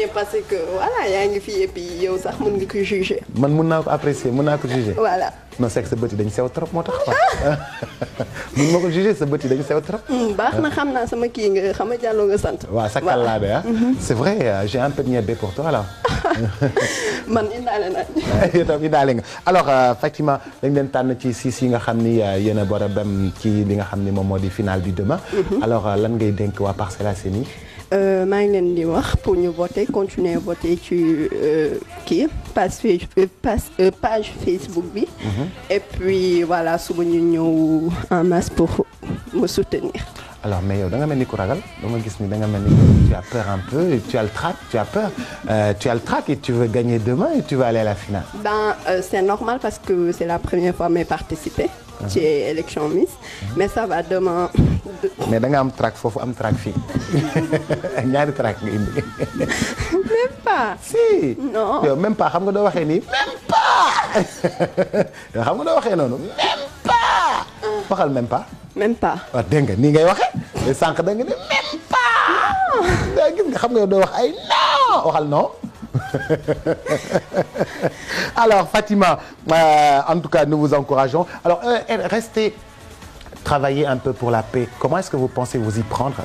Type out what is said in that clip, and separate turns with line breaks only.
mais parce que voilà yaa ngi fii et puis yow sax mën nga ko juger.
man mën naa ko apprécier mën naa ko juger. voilà non c'est que sa bët dañ sew trop motax. tax quoi. juger sa beuti dañ sew trop.
Hmm, Bax na xamna sama ki nga xama nga nga sante.
Wa sa be ah. Mhm. c'est vrai euh, j'ai un peu de pour toi là.
man indaale naa.
yow tam indaale nga alors euh, Fatima dañ leen tan ci siis yi nga xamni ni euh, yéen a war ci li nga xamni mom modi moo di final bi demain. Mhm. alors lan ngay denk wa Parcelles Assainies
je euh, vais pour nous voter continuer voter sur qui euh, page euh, page Facebook mhm. et puis voilà sous nous en masse pour me soutenir.
alors mais tu as peur un peu tu as le trac tu as peur tu as le trac et tu veux gagner demain et tu vas aller à la finale.
ben c'est normal parce que c'est la première fois que je participe à mhm. élection Miss. Mhm. mais ça va demain
mais am track am track ñaari track
même pas. si. non pas.
même pas xam nga pas. waxé pas. même pas. xam nga pas. waxé pas. même pas. waxal même pas. même pas. ngay même pas. gis nga xam nga do wax ay non alors Fatima euh, en tout cas nous vous encourageons alors euh, restez travailler un peu pour la paix comment est-ce que vous pensez vous y prendre